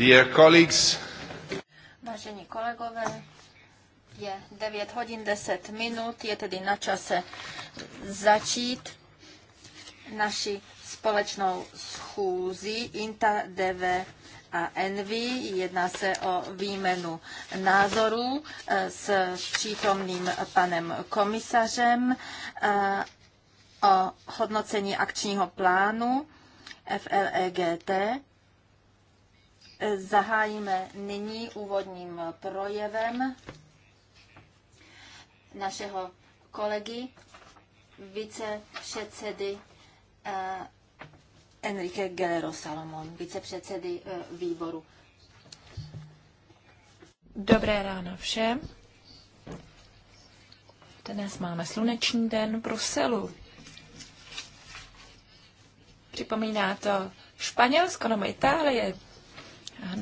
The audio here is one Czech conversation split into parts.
Dear colleagues, Vážení kolegové, je 9 hodin 10 minut, je tedy na čase začít naši společnou schůzi INTA DV a Envy. Jedná se o výmenu názorů eh, s přítomným panem komisařem eh, o hodnocení akčního plánu FLEGT Zahájíme nyní úvodním projevem našeho kolegy, vicepředsedy eh, Enrique Gelero Salomon, vicepředsedy eh, výboru. Dobré ráno všem. Dnes máme sluneční den v Bruselu. Připomíná to Španělsko nebo Itálie.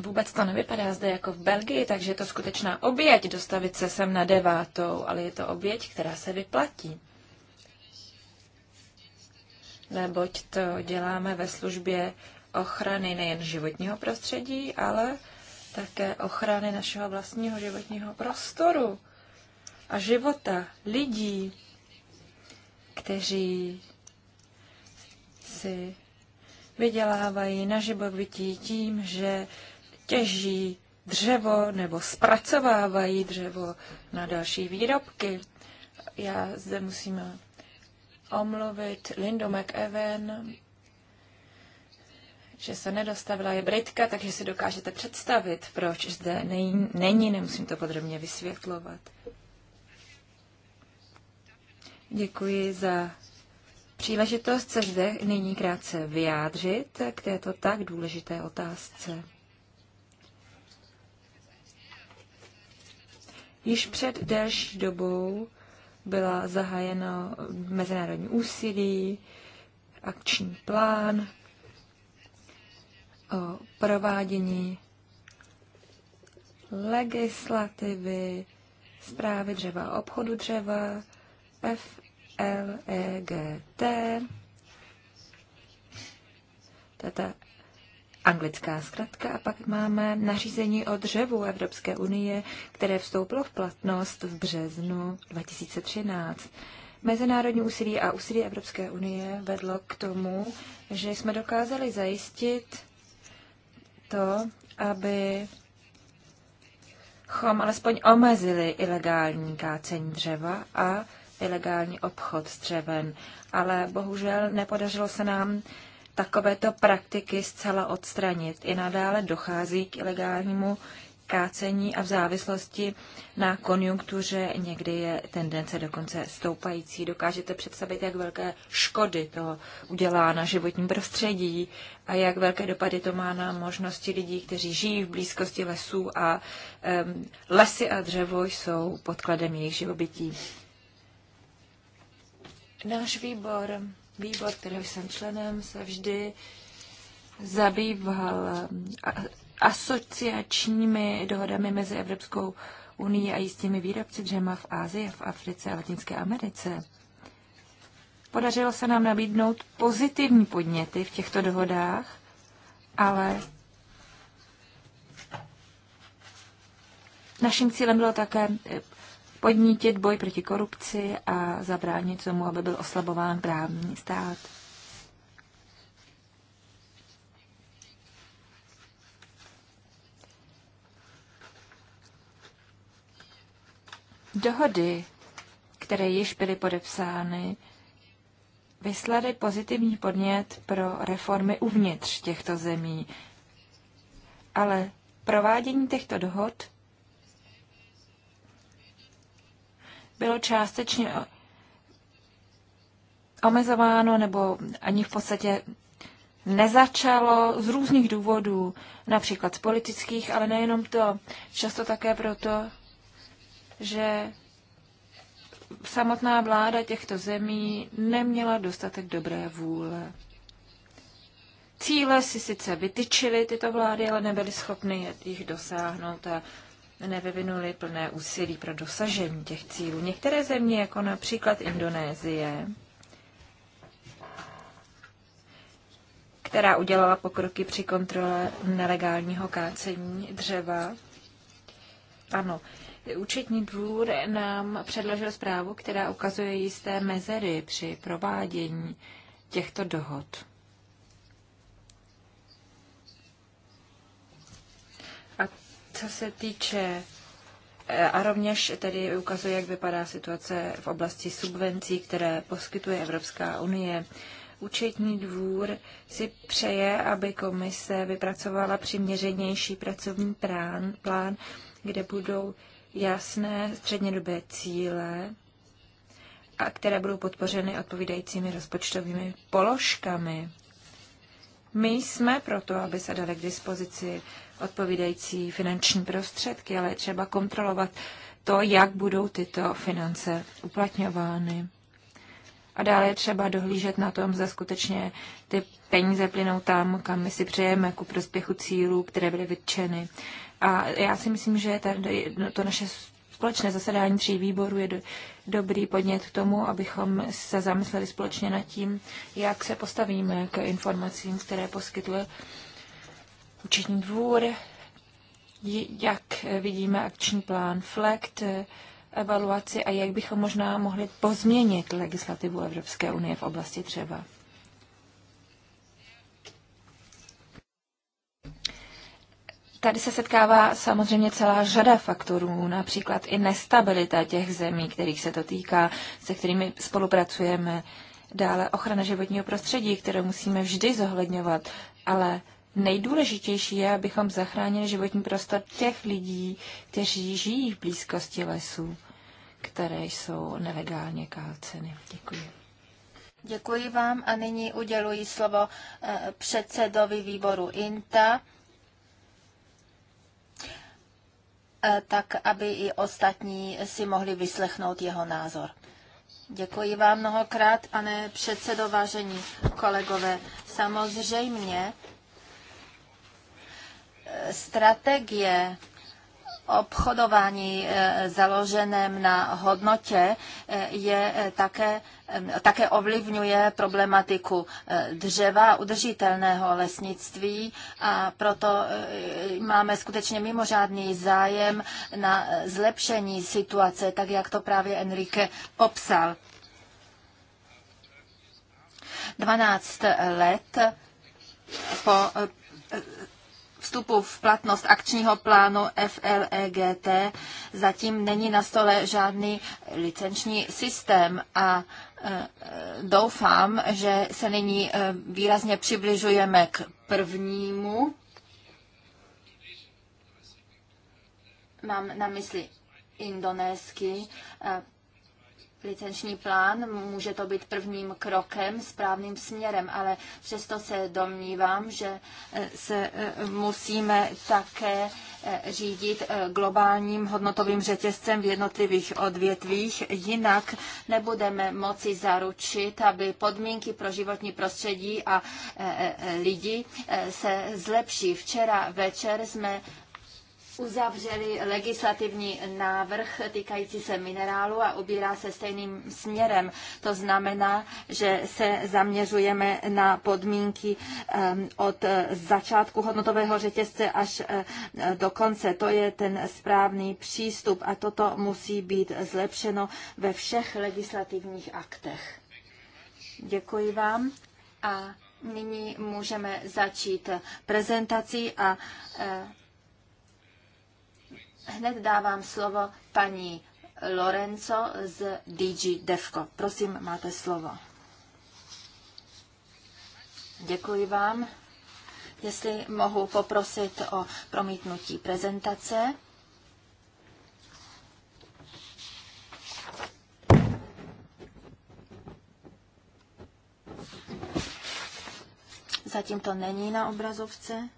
Vůbec to nevypadá zde jako v Belgii, takže je to skutečná oběť dostavit se sem na devátou, ale je to oběť, která se vyplatí. Neboť to děláme ve službě ochrany nejen životního prostředí, ale také ochrany našeho vlastního životního prostoru a života lidí, kteří si vydělávají na živobytí tím, že těží dřevo nebo zpracovávají dřevo na další výrobky. Já zde musím omluvit Lindu McEwen, že se nedostavila, je Britka, takže si dokážete představit, proč zde není, nemusím to podrobně vysvětlovat. Děkuji za příležitost se zde nyní krátce vyjádřit k této tak důležité otázce. Již před delší dobou byla zahájeno mezinárodní úsilí, akční plán o provádění legislativy, zprávy dřeva, obchodu dřeva, F L e T. to je ta anglická zkratka, a pak máme nařízení o dřevu Evropské unie, které vstoupilo v platnost v březnu 2013. Mezinárodní úsilí a úsilí Evropské unie vedlo k tomu, že jsme dokázali zajistit to, aby chom alespoň omezili ilegální kácení dřeva a ilegální obchod s dřevem, ale bohužel nepodařilo se nám takovéto praktiky zcela odstranit. I nadále dochází k ilegálnímu kácení a v závislosti na konjunktuře někdy je tendence dokonce stoupající. Dokážete představit, jak velké škody to udělá na životním prostředí a jak velké dopady to má na možnosti lidí, kteří žijí v blízkosti lesů a um, lesy a dřevo jsou podkladem jejich živobytí. Náš výbor, výbor, kterého jsem členem, se vždy zabýval eh, asociačními dohodami mezi Evropskou unii a jistými výrobci dřema v Ázii, v Africe a Latinské Americe. Podařilo se nám nabídnout pozitivní podněty v těchto dohodách, ale naším cílem bylo také eh, podnítit boj proti korupci a zabránit tomu, aby byl oslabován právní stát. Dohody, které již byly podepsány, vyslaly pozitivní podnět pro reformy uvnitř těchto zemí. Ale provádění těchto dohod bylo částečně omezováno nebo ani v podstatě nezačalo z různých důvodů, například z politických, ale nejenom to, často také proto, že samotná vláda těchto zemí neměla dostatek dobré vůle. Cíle si sice vytyčily tyto vlády, ale nebyly schopny jich dosáhnout a nevyvinuli plné úsilí pro dosažení těch cílů. Některé země, jako například Indonésie, která udělala pokroky při kontrole nelegálního kácení dřeva. Ano, účetní dvůr nám předložil zprávu, která ukazuje jisté mezery při provádění těchto dohod. co se týče e, a rovněž tedy ukazuje, jak vypadá situace v oblasti subvencí, které poskytuje Evropská unie. Účetní dvůr si přeje, aby komise vypracovala přiměřenější pracovní plán, plán kde budou jasné střednědobé cíle, a které budou podpořeny odpovídajícími rozpočtovými položkami. My jsme proto, aby se dali k dispozici odpovídající finanční prostředky, ale třeba kontrolovat to, jak budou tyto finance uplatňovány. A dále je třeba dohlížet na tom, zda skutečně ty peníze plynou tam, kam my si přejeme, ku prospěchu cílů, které byly vytčeny. A já si myslím, že tady to naše Společné zasedání tří výborů je do, dobrý podnět k tomu, abychom se zamysleli společně nad tím, jak se postavíme k informacím, které poskytuje účetní dvůr, jak vidíme akční plán FLECT, evaluaci a jak bychom možná mohli pozměnit legislativu Evropské unie v oblasti třeba Tady se setkává samozřejmě celá řada faktorů, například i nestabilita těch zemí, kterých se to týká, se kterými spolupracujeme, dále ochrana životního prostředí, kterou musíme vždy zohledňovat, ale nejdůležitější je, abychom zachránili životní prostor těch lidí, kteří žijí v blízkosti lesů, které jsou nelegálně káceny. Děkuji. Děkuji vám a nyní uděluji slovo eh, předsedovi výboru INTA Eh, tak aby i ostatní si mohli vyslechnout jeho názor. Děkuji vám mnohokrát, pane předsedo, vážení kolegové. Samozřejmě eh, strategie obchodování eh, založeném na hodnotě eh, je eh, také, také ovlivňuje problematiku dřeva udržitelného lesnictví a proto máme skutečně mimořádný zájem na zlepšení situace, tak jak to právě Enrique popsal. 12 let po vstupu v platnost akčního plánu FLEGT zatím není na stole žádný licenční systém a e, doufám, že se nyní e, výrazně přibližujeme k prvnímu. Mám na mysli indonéský e, licenční plán, může to být prvním krokem správným směrem, ale přesto se domnívám, že eh, se eh, musíme také eh, řídit globálním hodnotovým řetězcem v jednotlivých odvětvích, jinak nebudeme moci zaručit, aby podmínky pro životní prostředí a lidi se zlepší. Včera večer jsme uzavřeli legislativní návrh týkající se minerálu a ubírá se stejným směrem. To znamená, že se zaměřujeme na podmínky od eh, začátku hodnotového řetězce až eh, do konce. To je ten správný přístup a toto musí být zlepšeno ve všech legislativních aktech. Děkuji vám a nyní můžeme začít prezentací a eh, hned dávám slovo paní Lorenzo z DG Devco. Prosím, máte slovo. Děkuji vám. Jestli mohu poprosit o promítnutí prezentace. Zatím to není na obrazovce.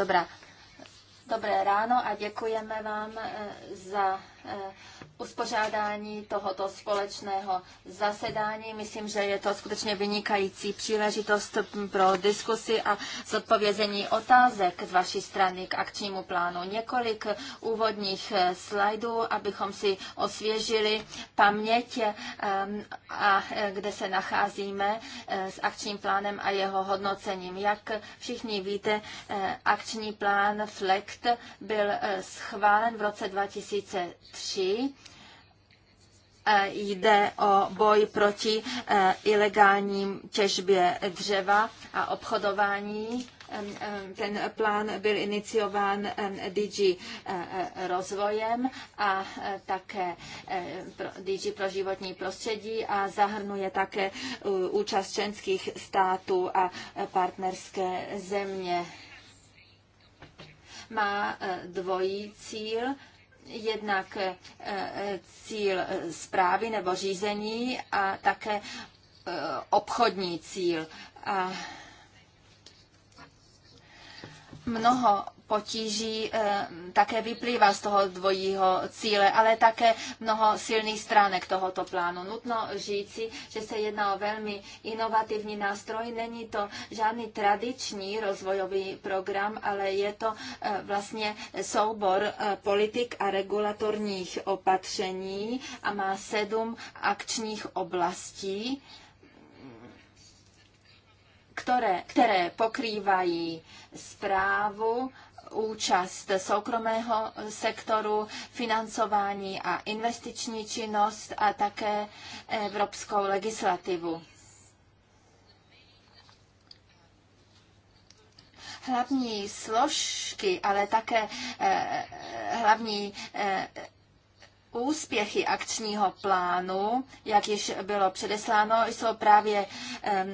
Dobrá. Dobré ráno a děkujeme vám eh, za eh, uspořádání tohoto společného zasedání. Myslím, že je to skutečně vynikající příležitost pro diskusy a zodpovězení otázek z vaší strany k akčnímu plánu. Několik úvodních slajdů, abychom si osvěžili paměť, eh, a kde se nacházíme eh, s akčním plánem a jeho hodnocením. Jak všichni víte, eh, akční plán FLECT byl schválen v roce 2003 E, jde o boj proti e, ilegální těžbě dřeva a obchodování. Ten plán byl iniciován DG e, rozvojem a také DG pro životní prostředí a zahrnuje také účast členských států a partnerské země. Má dvojí cíl jednak eh, cíl zprávy eh, nebo řízení a také eh, obchodní cíl. A mnoho potíží eh, také vyplývá z toho dvojího cíle, ale také mnoho silných stránek tohoto plánu. Nutno říci, že se jedná o velmi inovativní nástroj. Není to žádný tradiční rozvojový program, ale je to eh, vlastně soubor eh, politik a regulatorních opatření a má sedm akčních oblastí které, které pokrývají zprávu, účast soukromého sektoru, financování a investiční činnost a také evropskou legislativu. hlavní složky, ale také eh, hlavní eh, Úspěchy akčního plánu, jak již bylo předesláno, jsou právě e,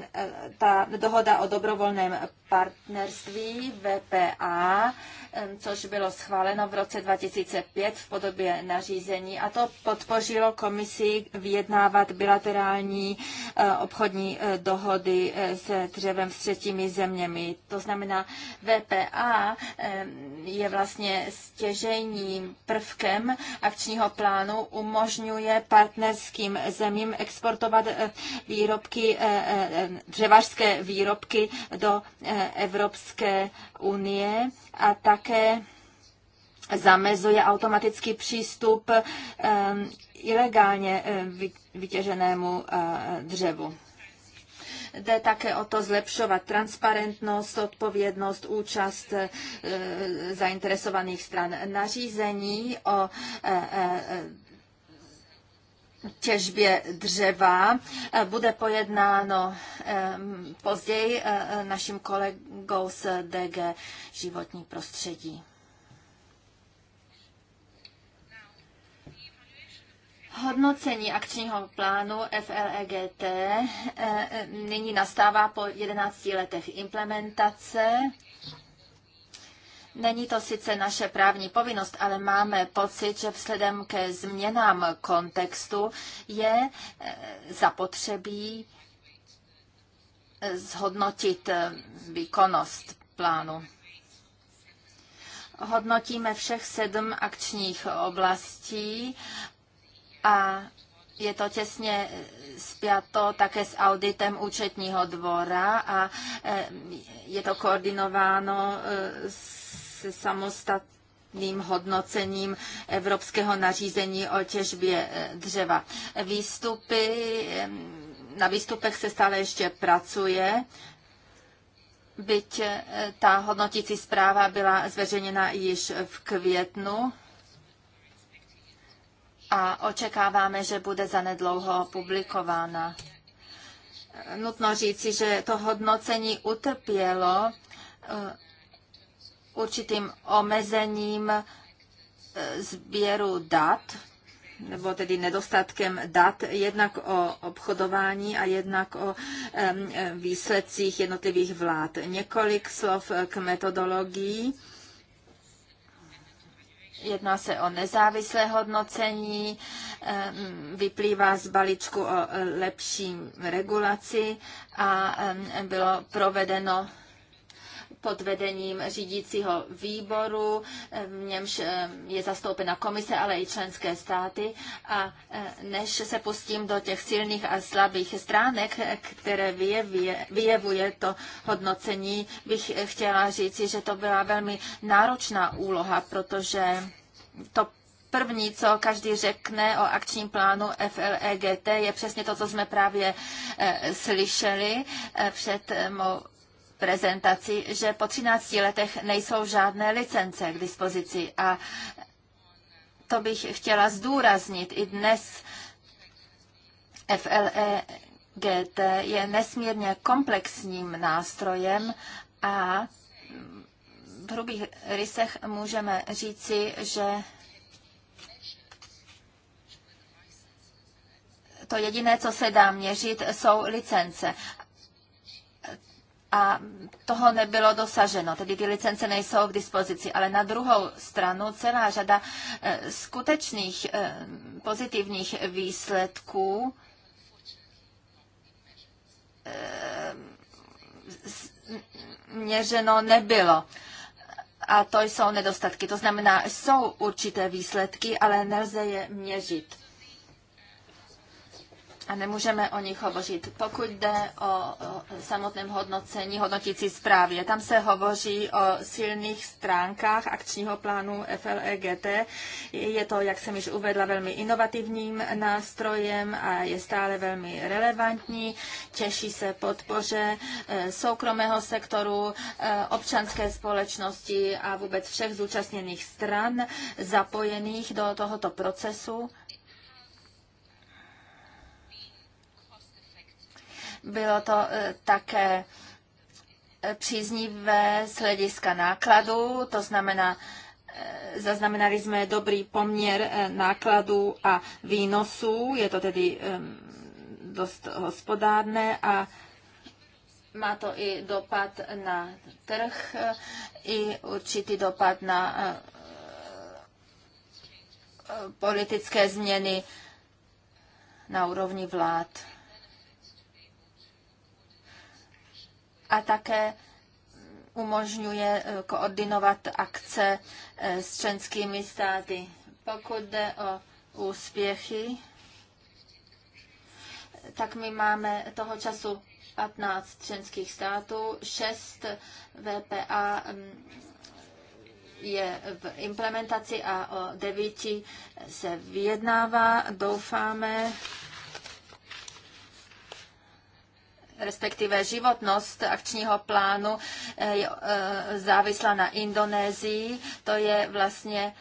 ta dohoda o dobrovolném partnerství VPA, což bylo schváleno v roce 2005 v podobě nařízení a to podpořilo komisi vyjednávat bilaterální e, obchodní e, dohody s dřevem s třetími zeměmi. To znamená, VPA je vlastně stěžejním prvkem akčního plánu plánu umožňuje partnerským zemím exportovat eh, výrobky, eh, eh, dřevařské výrobky do Evropské unie a také zamezuje automatický přístup ilegálně vytěženému dřevu. Jde také o to zlepšovat transparentnost, odpovědnost, účast eh, zainteresovaných stran. Nařízení o eh, eh, těžbě dřeva bude pojednáno později naším kolegou z DG životní prostředí. Hodnocení akčního plánu FLEGT eh, eh, nyní nastává po 11 letech implementace. Není to sice naše právní povinnost, ale máme pocit, že vzhledem ke změnám kontextu je eh, zapotřebí zhodnotit výkonnost plánu. Hodnotíme všech sedm akčních oblastí a je to těsně spjato také s auditem účetního dvora a e, je to koordinováno e, s samostatným hodnocením evropského nařízení o těžbě e, dřeva. Výstupy, na výstupech se stále ještě pracuje, byť ta hodnotící zpráva byla zveřejněna již v květnu a očekáváme, že bude zanedlouho publikována. Nutno říci, že to hodnocení utrpělo eh, určitým omezením eh, sběru dat, nebo tedy nedostatkem dat jednak o obchodování a jednak o eh, výsledcích jednotlivých vlád. Několik slov k metodologii Jedná se o nezávislé hodnocení, vyplývá z balíčku o lepší regulaci a bylo provedeno pod vedením řídícího výboru, eh, v němž eh, je zastoupena komise, ale i členské státy. A eh, než se pustím do těch silných a slabých stránek, které vyjevuje, to hodnocení, bych chtěla říci, že to byla velmi náročná úloha, protože to první, co každý řekne o akčním plánu FLEGT, je přesně to, co jsme právě slyšeli před mou prezentaci, že po 13 letech nejsou žádné licence k dispozici a to bych chtěla zdůraznit. I dnes FLEGT je nesmírně komplexním nástrojem a v hrubých rysech můžeme říci, že to jediné, co se dá měřit, jsou licence a toho nebylo dosaženo, tedy ty licence nejsou k dispozici. Ale na druhou stranu celá řada e, skutečných e, pozitivních výsledků e, měřeno nebylo. A to jsou nedostatky. To znamená, jsou určité výsledky, ale nelze je měřit a nemůžeme o nich hovořit. Pokud jde o samotném hodnocení, hodnotící zprávě, tam se hovoří o silných stránkách akčního plánu FLEGT. Je to, jak jsem již uvedla, velmi inovativním nástrojem a je stále velmi relevantní. Těší se podpoře e, soukromého sektoru, e, občanské společnosti a vůbec všech zúčastněných stran zapojených do tohoto procesu Bylo to eh, také eh, příznivé z hlediska nákladů, to znamená, eh, zaznamenali jsme dobrý poměr nákladů a výnosů, je to tedy dost hospodárné a má to i dopad na trh, i určitý dopad na politické změny na úrovni vlád. a také umožňuje eh, koordinovat akce eh, s členskými státy. Pokud jde o úspěchy, tak my máme toho času 15 členských států, 6 VPA mm, je v implementaci a o 9 se vyjednává. Doufáme, respektive životnost akčního plánu eh, je eh, závislá na Indonésii. To je vlastně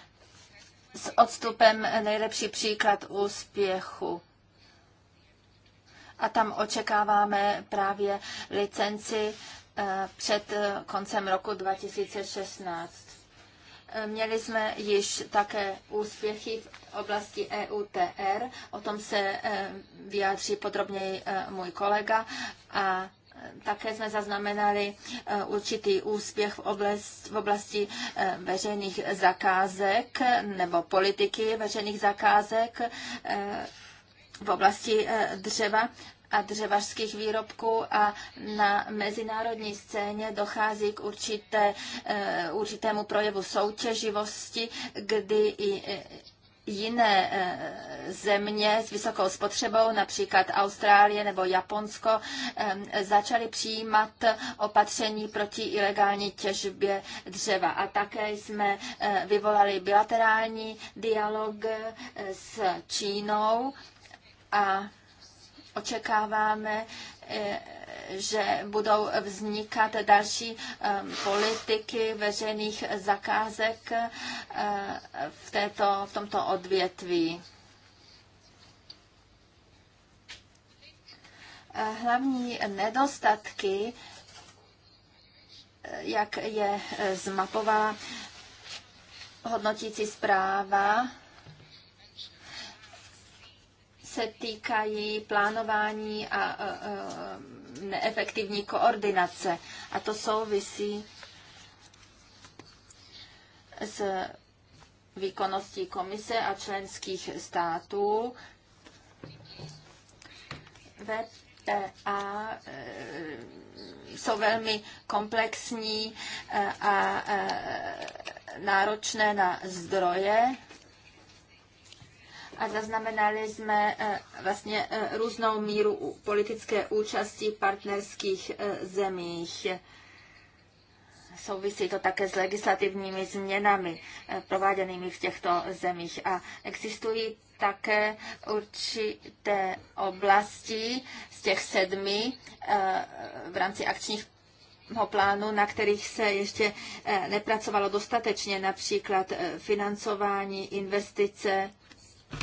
s odstupem nejlepší příklad úspěchu. A tam očekáváme právě licenci eh, před koncem roku 2016. Měli jsme již také úspěchy v oblasti EUTR, o tom se eh, vyjádří podrobněji eh, můj kolega a eh, také jsme zaznamenali určitý úspěch v oblasti, v oblasti veřejných zakázek nebo politiky veřejných zakázek v oblasti dřeva a dřevařských výrobků a na mezinárodní scéně dochází k určité, eh, určitému projevu soutěživosti, kdy i eh, jiné eh, země s vysokou spotřebou, například Austrálie nebo Japonsko, začaly přijímat opatření proti ilegální těžbě dřeva. A také jsme vyvolali bilaterální dialog s Čínou a Očekáváme, eh, že budou vznikat další ehm, politiky veřejných zakázek eh, v, této, v tomto odvětví. Eh, hlavní nedostatky, jak je zmapovala hodnotící zpráva, se týkají plánování a neefektivní koordinace. A to souvisí s výkonností komise a členských států. VPA e, jsou velmi komplexní e, a e, náročné na zdroje a zaznamenali jsme eh, vlastně eh, různou míru politické účasti partnerských eh, zemích. Souvisí to také s legislativními změnami prováděnými v těchto zemích. A existují také určité oblasti z těch sedmi v rámci akčních plánu, na kterých se ještě nepracovalo dostatečně, například financování, investice, Uh,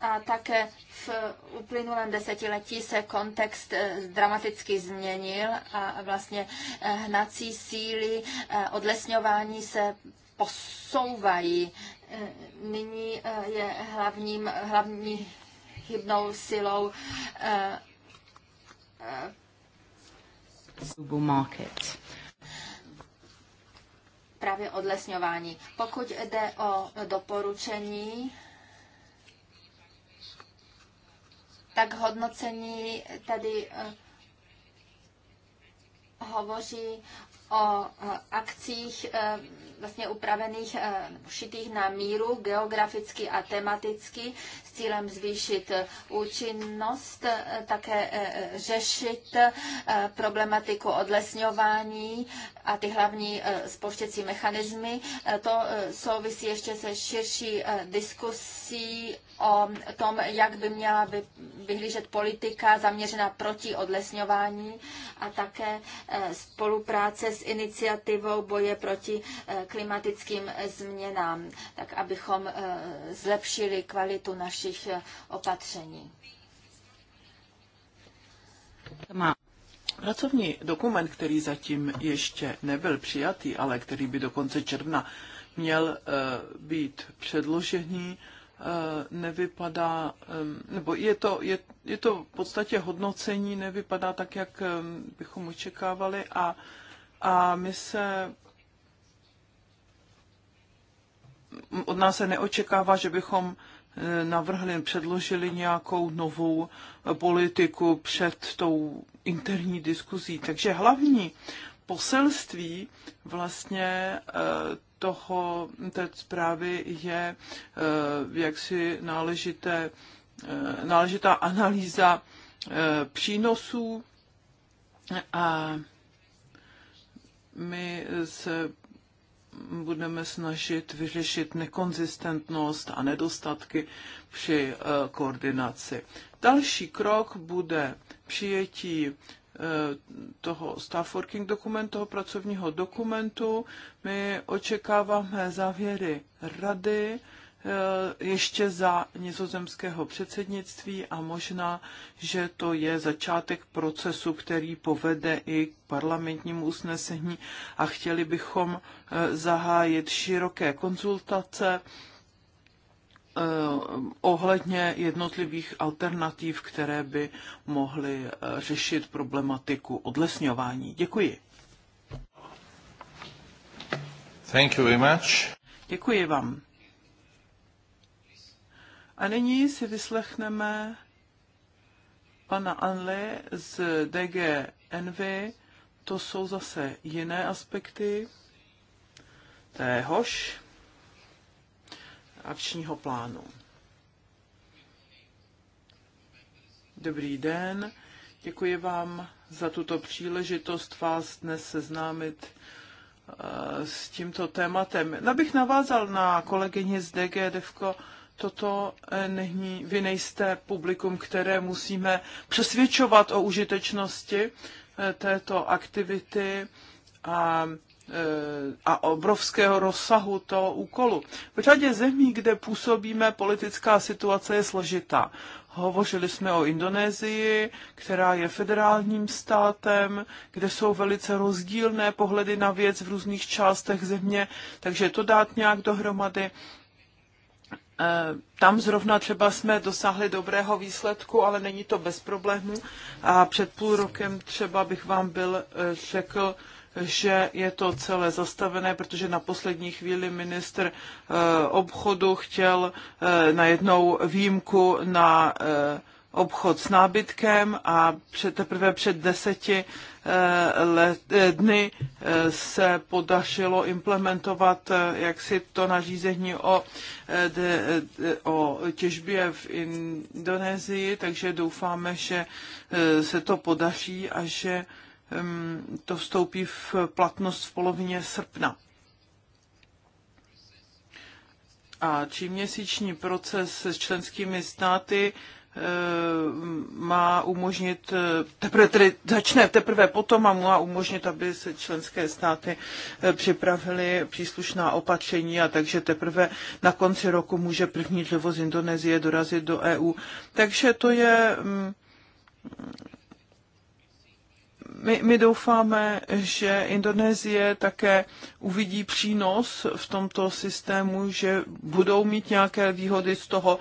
a také v uplynulém desetiletí se kontext eh, dramaticky změnil a vlastně eh, hnací síly eh, odlesňování se posouvají. Nyní je hlavním, hlavní chybnou silou market právě odlesňování. Pokud jde o doporučení, tak hodnocení tady eh, hovoří o eh, akcích eh, vlastně upravených eh, šitých na míru geograficky a tematicky s cílem zvýšit eh, účinnost, eh, také řešit problematiku odlesňování a ty hlavní spouštěcí mechanismy. To souvisí ještě se širší diskusí o tom, jak by měla vyhlížet politika zaměřená proti odlesňování a také spolupráce s iniciativou boje proti klimatickým změnám, tak abychom eh, zlepšili kvalitu našich eh, opatření. Pracovní dokument, který zatím ještě nebyl přijatý, ale který by do konce června měl eh, být předložený, nevypadá, nebo je to, je, je to v podstatě hodnocení, nevypadá tak, jak bychom očekávali a, a my se od nás se neočekává, že bychom eh, navrhli, předložili nějakou novou eh, politiku před tou interní diskuzí. Takže hlavní poselství vlastně eh, toho, té zprávy je jaksi náležité, náležitá analýza přínosů a my se budeme snažit vyřešit nekonzistentnost a nedostatky při eh, koordinaci. Další krok bude přijetí eh, toho staff working dokumentu, toho pracovního dokumentu. My očekáváme závěry rady Eh, ještě za nizozemského předsednictví a možná, že to je začátek procesu, který povede i k parlamentnímu usnesení a chtěli bychom eh, zahájit široké konzultace eh, ohledně jednotlivých alternativ, které by mohly řešit problematiku odlesňování. Děkuji. Thank you very much. Děkuji vám. A nyní si vyslechneme pana Anli z DG Envy. To jsou zase jiné aspekty téhož akčního plánu. Dobrý den, děkuji vám za tuto příležitost vás dnes seznámit eh, s tímto tématem. Abych bych navázal na kolegyni z DG Devko toto eh, není, vy nejste publikum, které musíme přesvědčovat o užitečnosti eh, této aktivity a, eh, a obrovského rozsahu toho úkolu. V řadě zemí, kde působíme, politická situace je složitá. Hovořili jsme o Indonésii, která je federálním státem, kde jsou velice rozdílné pohledy na věc v různých částech země, takže to dát nějak dohromady Eh, tam zrovna třeba jsme dosáhli dobrého výsledku, ale není to bez problémů. A před půl rokem třeba bych vám byl eh, řekl, že je to celé zastavené, protože na poslední chvíli ministr eh, obchodu chtěl na jednou výjimku na obchod s nábytkem a před, teprve před deseti eh, let, eh, dny eh, se podařilo implementovat jaksi to nařízení o, de, de, o těžbě v Indonésii, takže doufáme, že se to podaří a že mm, to vstoupí v platnost v polovině srpna. A tříměsíční proces s členskými státy Eh, má umožnit, eh, teprve tedy začne teprve potom a má umožnit, aby se členské státy eh, připravily příslušná opatření a takže teprve na konci roku může první dřevo z Indonésie dorazit do EU. Takže to je mm, my, my doufáme, že Indonésie také uvidí přínos v tomto systému, že budou mít nějaké výhody z toho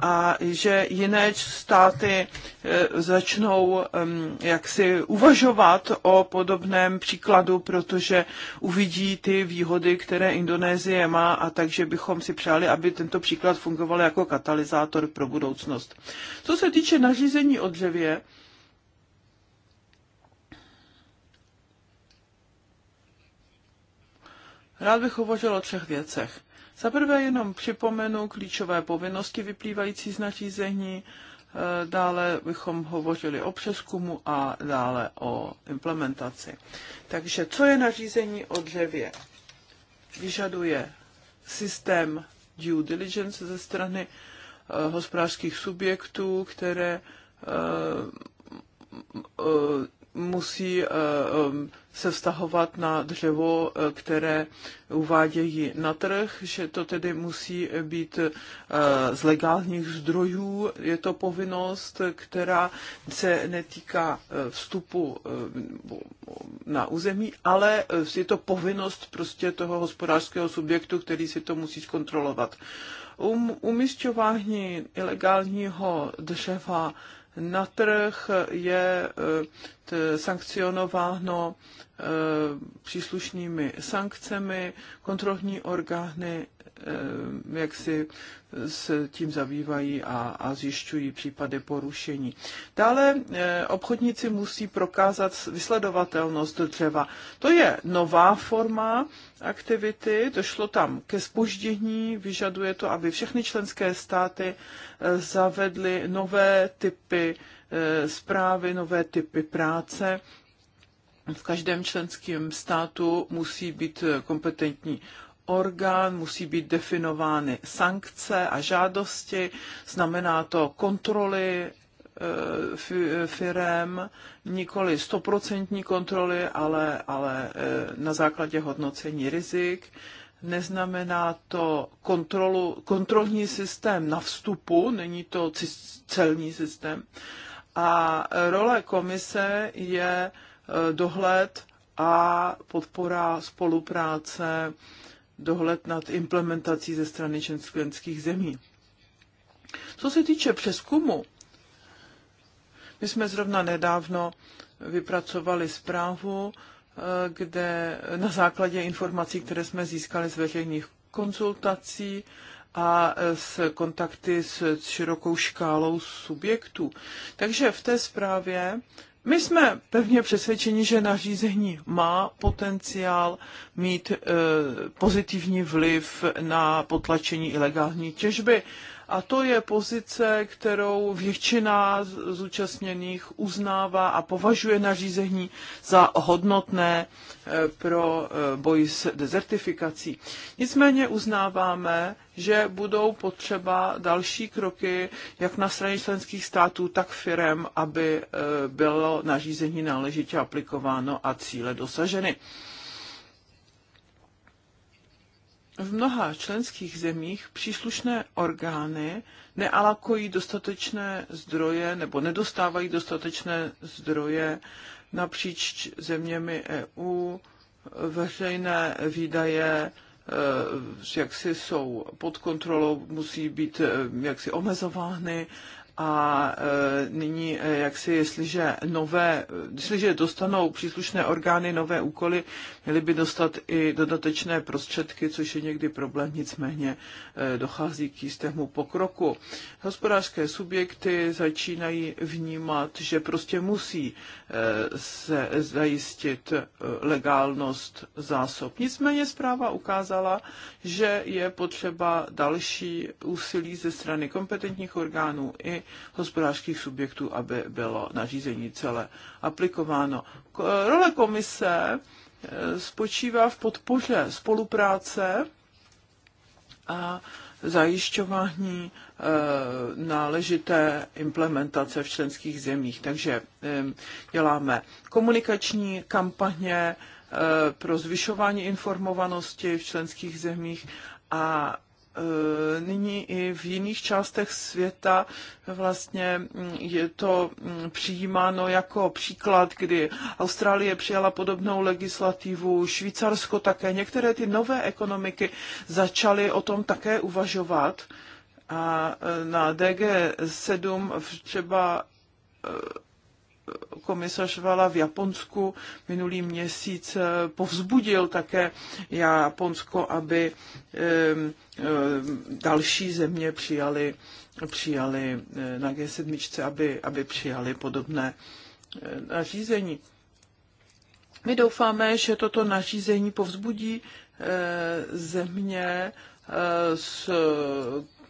a že jiné státy eh, začnou jaksi uvažovat o podobném příkladu, protože uvidí ty výhody, které Indonésie má a takže bychom si přáli, aby tento příklad fungoval jako katalyzátor pro budoucnost. Co se týče nařízení o dřevě, Rád bych hovořil o třech věcech. Za prvé jenom připomenu klíčové povinnosti vyplývající z nařízení, e, dále bychom hovořili o přeskumu a dále o implementaci. Takže co je nařízení o dřevě? Vyžaduje systém due diligence ze strany e, hospodářských subjektů, které e, musí eh, se vztahovat na dřevo, eh, které uvádějí na trh, že to tedy musí být eh, z legálních zdrojů. Je to povinnost, která se netýká vstupu na území, ale je to povinnost prostě toho hospodářského subjektu, který si to musí zkontrolovat. Um, ilegálního dřeva na trh, je eh, sankcionováno eh, příslušnými sankcemi. Kontrolní orgány Eh, jak si s tím zabývají a, a zjišťují případy porušení. Dále eh, obchodníci musí prokázat vysledovatelnost dřeva. To je nová forma aktivity, došlo tam ke spoždění, vyžaduje to, aby všechny členské státy eh, zavedly nové typy zprávy, nové typy práce, v každém členském státu musí být kompetentní orgán, musí být definovány sankce a žádosti, znamená to kontroly e, firem, nikoli stoprocentní kontroly, ale, ale e, na základě hodnocení rizik. Neznamená to kontrolu, kontrolní systém na vstupu, není to celní systém. A role komise je e, dohled a podpora spolupráce dohled nad implementací ze strany členských zemí. Co se týče přeskumu, my jsme zrovna nedávno vypracovali zprávu, eh, kde na základě informací, které jsme získali z veřejných konzultací a s eh, kontakty s, s širokou škálou subjektů. Takže v té zprávě my jsme pevně přesvědčeni, že nařízení má potenciál mít e, pozitivní vliv na potlačení ilegální těžby a to je pozice, kterou většina zúčastněných uznává a považuje nařízení za hodnotné eh, pro eh, boj s dezertifikací. Nicméně uznáváme, že budou potřeba další kroky, jak na straně členských států, tak firem, aby eh, bylo nařízení náležitě aplikováno a cíle dosaženy v mnoha členských zemích příslušné orgány nealakují dostatečné zdroje nebo nedostávají dostatečné zdroje napříč zeměmi EU. Veřejné výdaje e, jaksi jsou pod kontrolou, musí být e, jaksi omezovány a e, nyní, e, jak si, jestliže, nové, jestliže dostanou příslušné orgány nové úkoly, měly by dostat i dodatečné prostředky, což je někdy problém, nicméně e, dochází k jistému pokroku. Hospodářské subjekty začínají vnímat, že prostě musí se zajistit legálnost zásob. Nicméně zpráva ukázala, že je potřeba další úsilí ze strany kompetentních orgánů i hospodářských subjektů, aby bylo nařízení celé aplikováno. Role komise eh, spočívá v podpoře spolupráce a zajišťování eh, náležité implementace v členských zemích. Takže děláme komunikační kampaně eh, pro zvyšování informovanosti v členských zemích a E, nyní i v jiných částech světa vlastně mm, je to mm, přijímáno jako příklad, kdy Austrálie přijala podobnou legislativu, Švýcarsko také, některé ty nové ekonomiky začaly o tom také uvažovat a e, na DG7 třeba e, komisař Vala v Japonsku minulý měsíc eh, povzbudil také Japonsko, aby další země přijali, přijali eh, na G7, aby, aby přijali podobné eh, nařízení. My doufáme, že toto nařízení povzbudí země s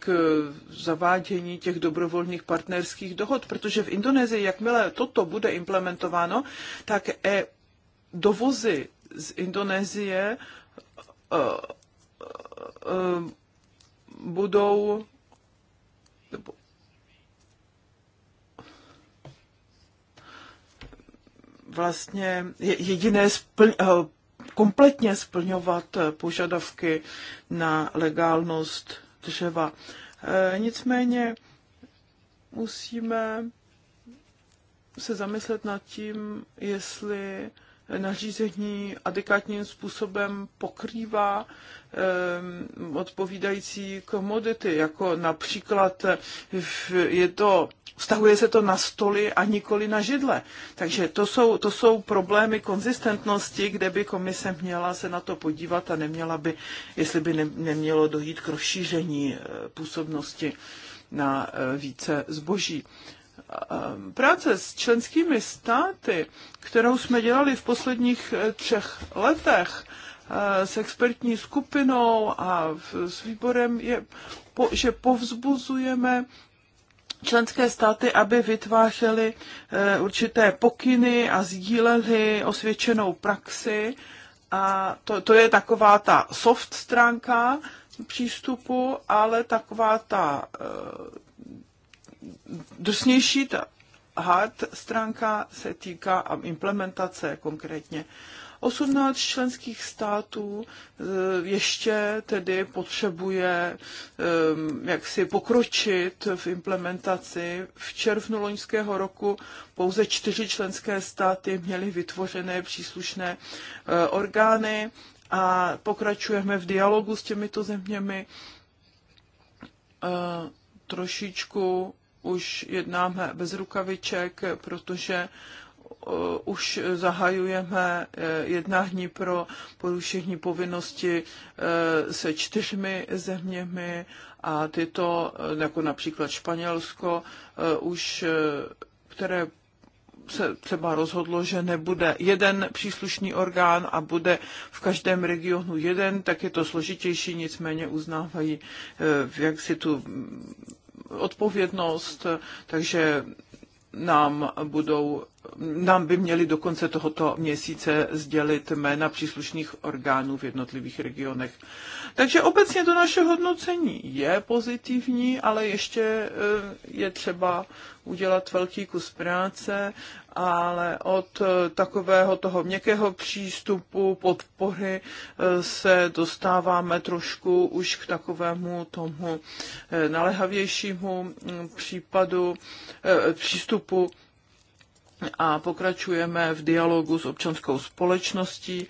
k eh, zavádění těch dobrovolných partnerských dohod, protože v Indonésii, jakmile toto bude implementováno, tak e, dovozy z Indonésie eh, eh, budou vlastně jediné spl, kompletně splňovat požadavky na legálnost dřeva. E, nicméně musíme se zamyslet nad tím, jestli nařízení adekvátním způsobem pokrývá ehm, odpovídající komodity, jako například eh, je to Vztahuje se to na stoly a nikoli na židle. Takže to jsou, to jsou problémy konzistentnosti, kde by komise měla se na to podívat a neměla by, jestli by ne, nemělo dojít k rozšíření eh, působnosti na eh, více zboží. Ehm, práce s členskými státy, kterou jsme dělali v posledních eh, třech letech eh, s expertní skupinou a s výborem, je, že povzbuzujeme členské státy, aby vytvářely eh, určité pokyny a sdílely osvědčenou praxi. A to, to je taková ta soft stránka přístupu, ale taková ta drsnější, ta hard stránka se týká implementace konkrétně. 18 členských států eh, ještě tedy potřebuje eh, jak si pokročit v implementaci. V červnu loňského roku pouze čtyři členské státy měly vytvořené příslušné eh, orgány a pokračujeme v dialogu s těmito zeměmi. Trošičku už jednáme bez rukaviček, protože eh, už zahajujeme eh, jednání pro porušení povinnosti eh, se čtyřmi zeměmi a tyto, jako například Španělsko, už které se třeba rozhodlo, že nebude jeden příslušný orgán a bude v každém regionu jeden, tak je to složitější, nicméně uznávají, jak si tu odpovědnost, takže nám budou, nám by měli do konce tohoto měsíce sdělit jména příslušných orgánů v jednotlivých regionech. Takže obecně to naše hodnocení je pozitivní, ale ještě eh, je třeba udělat velký kus práce ale od eh, takového toho měkkého přístupu, podpory eh, se dostáváme trošku už k takovému tomu eh, nalehavějšímu mm, případu, přístupu a pokračujeme v dialogu s občanskou společností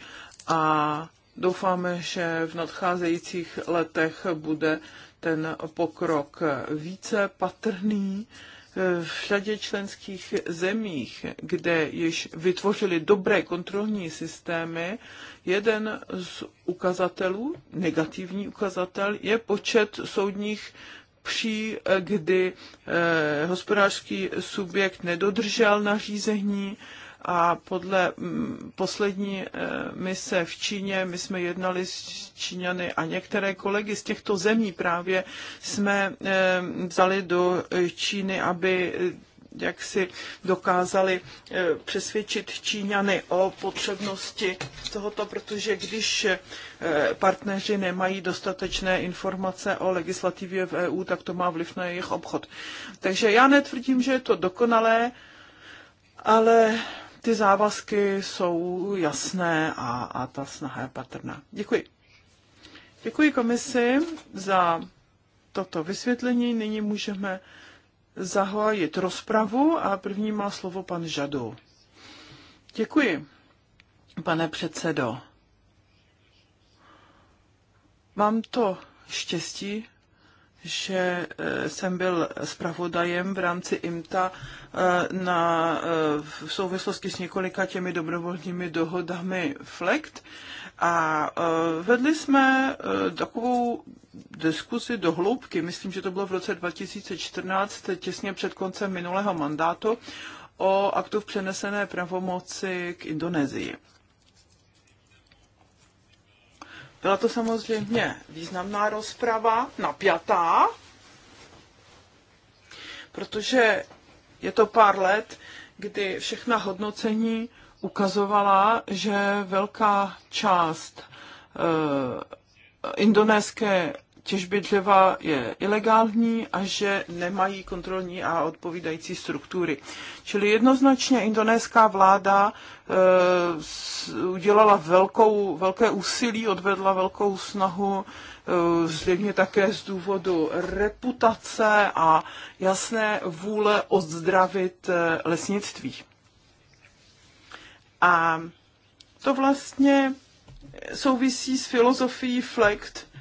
a doufáme, že v nadcházejících letech bude ten pokrok více patrný v řadě členských zemích, kde již vytvořili dobré kontrolní systémy, jeden z ukazatelů, negativní ukazatel, je počet soudních pří, kdy eh, hospodářský subjekt nedodržel nařízení a podle mm, poslední eh, mise v Číně, my jsme jednali s Číňany a některé kolegy z těchto zemí právě jsme eh, vzali do Číny, aby eh, jak si dokázali přesvědčit Číňany o potřebnosti tohoto, protože když partneři nemají dostatečné informace o legislativě v EU, tak to má vliv na jejich obchod. Takže já netvrdím, že je to dokonalé, ale ty závazky jsou jasné a, a ta snaha je patrná. Děkuji. Děkuji komisi za toto vysvětlení. Nyní můžeme zahájit rozpravu a první má slovo pan Žadu. Děkuji, pane předsedo. Mám to štěstí, že eh, jsem byl zpravodajem v rámci IMTA eh, na, eh, v souvislosti s několika těmi dobrovolnými dohodami FLECT a vedli jsme takovou diskusi do hloubky, myslím, že to bylo v roce 2014, těsně před koncem minulého mandátu, o aktu v přenesené pravomoci k Indonésii. Byla to samozřejmě významná rozprava, napjatá, protože je to pár let, kdy všechna hodnocení ukazovala, že velká část e, indonéské těžby dřeva je ilegální a že nemají kontrolní a odpovídající struktury. Čili jednoznačně indonéská vláda e, udělala velkou, velké úsilí, odvedla velkou snahu e, zřejmě také z důvodu reputace a jasné vůle odzdravit e, lesnictví. A to vlastně souvisí s filozofií FLEKT.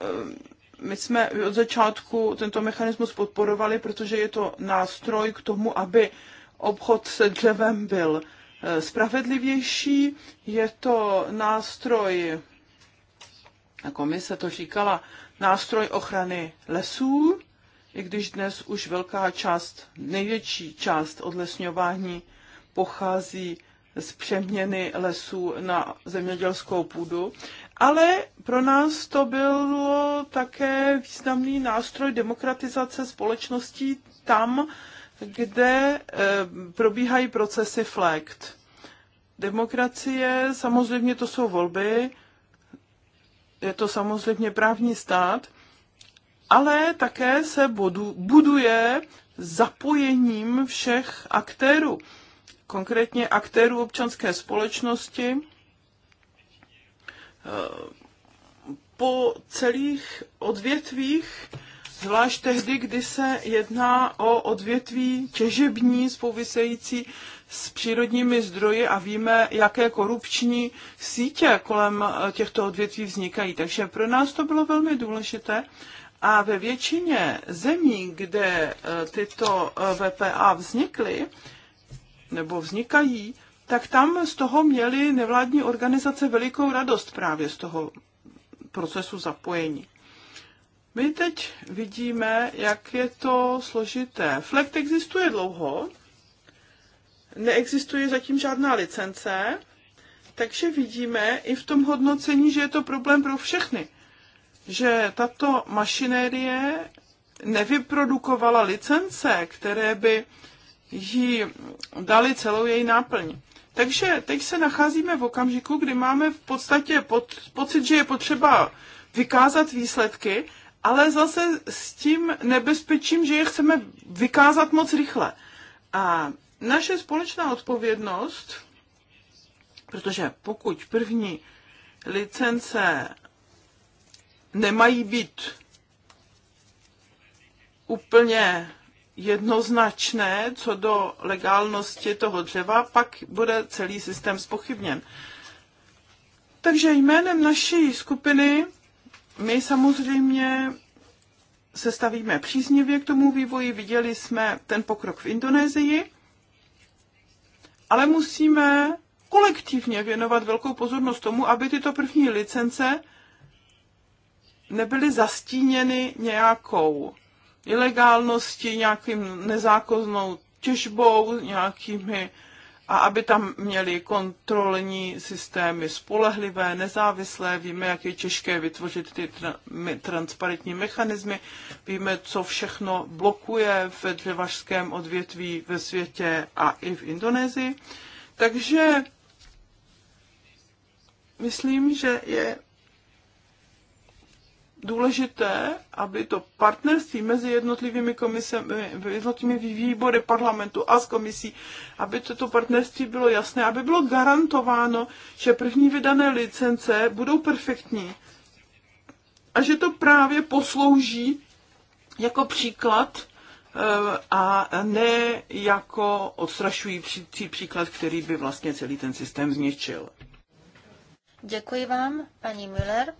Eh, my jsme od začátku tento mechanismus podporovali, protože je to nástroj k tomu, aby obchod se dřevem byl eh, spravedlivější. Je to nástroj, a komise to říkala, nástroj ochrany lesů, i když dnes už velká část, největší část odlesňování pochází z přeměny lesů na zemědělskou půdu, ale pro nás to bylo také významný nástroj demokratizace společností tam, kde eh, probíhají procesy flekt. Demokracie, samozřejmě to jsou volby, je to samozřejmě právní stát, ale také se buduje zapojením všech aktérů, konkrétně aktérů občanské společnosti, Eh, po celých odvětvích, zvlášť tehdy, kdy se jedná o odvětví těžební související s přírodními zdroji a víme, jaké korupční sítě kolem eh, těchto odvětví vznikají. Takže pro nás to bylo velmi důležité. A ve většině zemí, kde eh, tyto VPA vznikly nebo vznikají, tak tam z toho měly nevládní organizace velikou radost právě z toho procesu zapojení. My teď vidíme, jak je to složité. FLECT existuje dlouho, neexistuje zatím žádná licence, takže vidíme i v tom hodnocení, že je to problém pro všechny. Že tato mašinérie nevyprodukovala licence, které by jí dali celou její náplň. Takže teď se nacházíme v okamžiku, kdy máme v podstatě pod, pocit, že je potřeba vykázat výsledky, ale zase s tím nebezpečím, že je chceme vykázat moc rychle. A naše společná odpovědnost, protože pokud první licence nemají být úplně jednoznačné co do legálnosti toho dřeva, pak bude celý systém spochybněn. Takže jménem naší skupiny my samozřejmě se stavíme příznivě k tomu vývoji. Viděli jsme ten pokrok v Indonésii, ale musíme kolektivně věnovat velkou pozornost tomu, aby tyto první licence nebyly zastíněny nějakou ilegálnosti, nějakým nezákonnou těžbou, nějakými a aby tam měli kontrolní systémy spolehlivé, nezávislé. Víme, jak je těžké vytvořit ty transparentní mechanismy. Víme, co všechno blokuje v dřevařském odvětví ve světě a i v Indonésii. Takže myslím, že je důležité, aby to partnerství mezi jednotlivými komisemi, jednotlivými výbory parlamentu a s komisí, aby toto partnerství bylo jasné, aby bylo garantováno, že první vydané licence budou perfektní a že to právě poslouží jako příklad eh, a ne jako odstrašující příklad, který by vlastně celý ten systém zničil. Děkuji vám, paní Müller.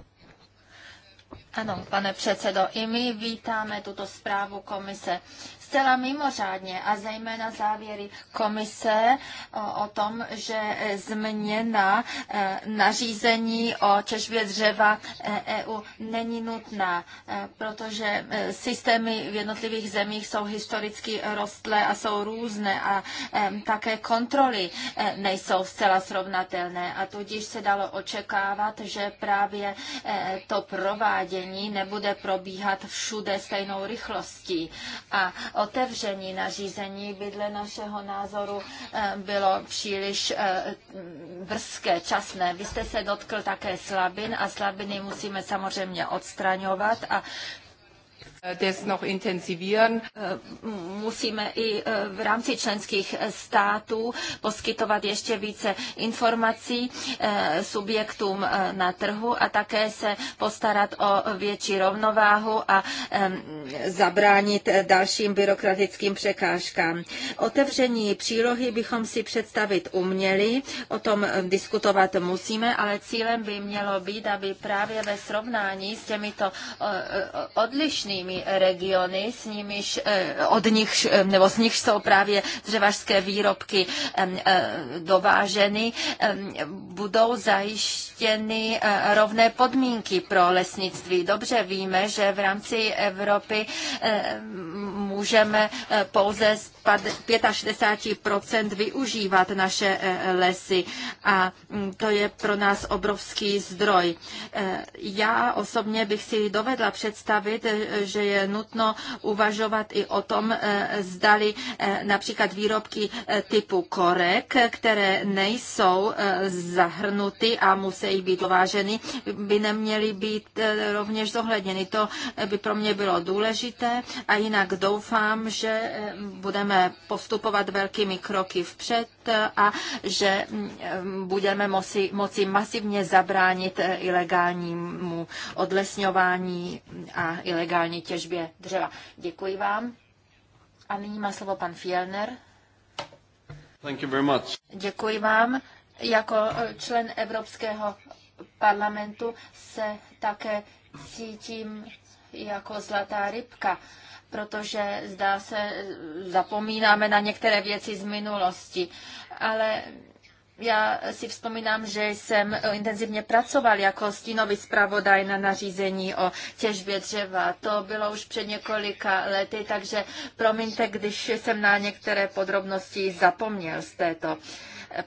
Ano, pane předsedo, i my vítáme tuto zprávu komise. Zcela mimořádně a zejména závěry komise o, o tom, že e, změna e, nařízení o těžbě dřeva EU e není nutná, e, protože e, systémy v jednotlivých zemích jsou historicky rostlé a jsou různé a e, také kontroly e, nejsou zcela srovnatelné a tudíž se dalo očekávat, že právě e, to provádění otevření nebude probíhat všude stejnou rychlostí. A otevření nařízení by dle našeho názoru eh, bylo příliš eh, brzké, časné. Vy jste se dotkl také slabin a slabiny musíme samozřejmě odstraňovat a Äh, des noch intensivieren. Äh, musíme i äh, v rámci členských států poskytovat ještě více informací subjektům na trhu a také se postarat o větší rovnováhu a zabránit dalším byrokratickým překážkám. Otevření přílohy bychom si představit uměli, o tom diskutovat musíme, ale cílem by mělo být, aby právě ve srovnání s těmito odlišnými těmi regiony, s nimiž, eh, od nich, eh, nebo z nich jsou právě dřevařské výrobky eh, dováženy, budou zajištěny rovné podmínky pro lesnictví. Dobře víme, že v rámci Evropy můžeme pouze 65% využívat naše lesy a hm, to je pro nás obrovský zdroj. Já osobně bych si dovedla představit, že že je nutno uvažovat i o tom, eh, zdali eh, například výrobky eh, typu korek, které nejsou zahrnuty a musí být dováženy, by neměly být rovněž zohledněny. To by pro mě bylo důležité a jinak doufám, že budeme postupovat velkými kroky vpřed a že mm, mm, budeme moci, moci masivně zabránit e, ilegálnímu odlesňování a ilegální těžbě dřeva. Děkuji vám. A nyní má slovo pan Fielner. Thank you very much. Děkuji vám. Jako e, člen Evropského parlamentu se také cítím jako zlatá rybka, protože zdá se, zapomínáme na některé věci z minulosti. Ale já si vzpomínám, že jsem intenzivně pracoval jako stínový zpravodaj na nařízení o těžbě dřeva. To bylo už před několika lety, takže promiňte, když jsem na některé podrobnosti zapomněl z této uh,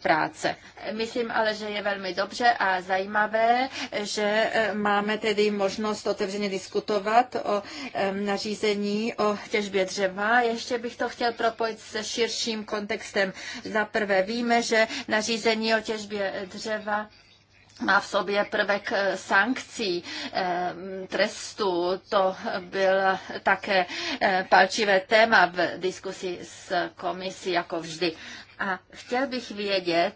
práce. Myslím ale, že je velmi dobře a zajímavé, že eh, máme tedy možnost otevřeně diskutovat o nařízení o těžbě dřeva. Ještě bych to chtěl propojit se širším kontextem. Za prvé víme, že nařízení o těžbě dřeva má v sobě prvek eh, sankcí, trestu. To byl také eh, palčivé téma v diskusi s komisí, jako vždy. A chtěl bych vědět,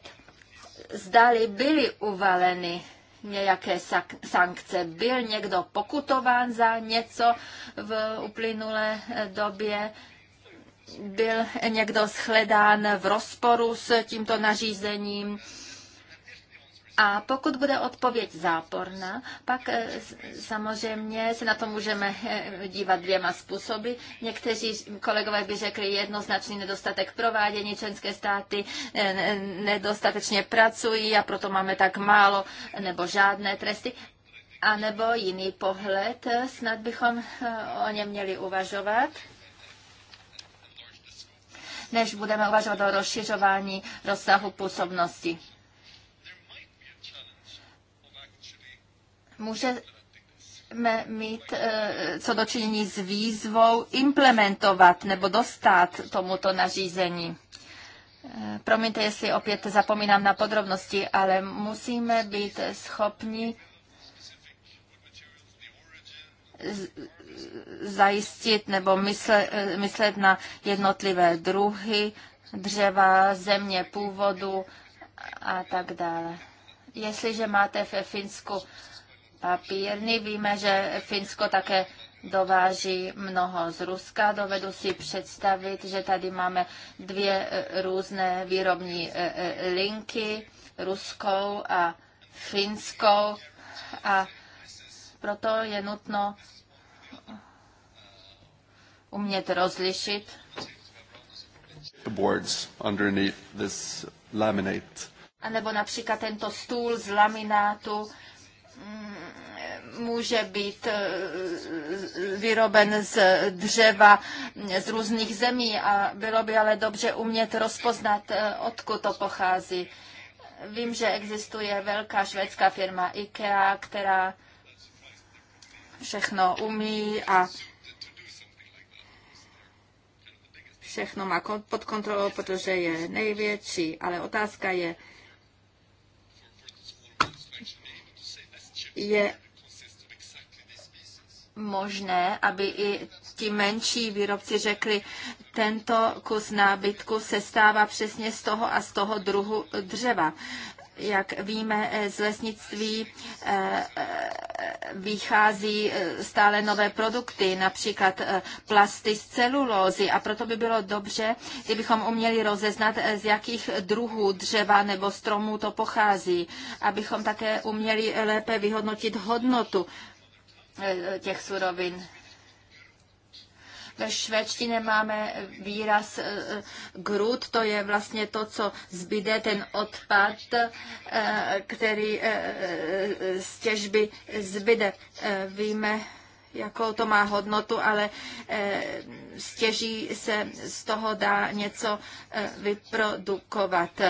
zdali byly uvaleny nějaké sankce. Byl někdo pokutován za něco v uplynulé eh, době? Byl někdo shledán v rozporu s tímto nařízením? A pokud bude odpověď záporná, pak e, samozřejmě se na to můžeme e, dívat dvěma způsoby. Někteří kolegové by řekli jednoznačný nedostatek provádění, členské státy e, nedostatečně pracují a proto máme tak málo nebo žádné tresty. A nebo jiný pohled, snad bychom o něm měli uvažovat než budeme uvažovat o rozšiřování rozsahu působnosti. můžeme mít eh, co dočinění s výzvou implementovat nebo dostat tomuto nařízení. Eh, promiňte, jestli opět zapomínám na podrobnosti, ale musíme být schopni zajistit nebo myslet, eh, myslet na jednotlivé druhy dřeva, země původu a tak dále. Jestliže máte ve Finsku papírny. Víme, že Finsko také dováží mnoho z Ruska. Dovedu si představit, že tady máme dvě eh, různé výrobní eh, eh, linky, ruskou a finskou. A proto je nutno umět rozlišit. Boards underneath this laminate. A nebo například tento stůl z laminátu může být eh, vyroben z dřeva z různých zemí a bylo by ale dobře umět rozpoznat, eh, odkud to pochází. Vím, že existuje velká švédská firma IKEA, která všechno umí a všechno má pod kontrolou, protože je největší, ale otázka je, je možné, aby i ti menší výrobci řekli, tento kus nábytku se stává přesně z toho a z toho druhu dřeva jak víme, eh, z lesnictví eh, eh, vychází stále nové produkty, například plasty z celulózy a proto by bylo dobře, kdybychom uměli rozeznat, z jakých druhů dřeva nebo stromů to pochází, abychom také uměli lépe vyhodnotit hodnotu těch surovin. Ve švédštině máme výraz e, e, grud, to je vlastně to, co zbyde, ten odpad, e, který z těžby zbyde. Víme, jakou to má hodnotu, ale stěží se z toho dá něco vyprodukovat.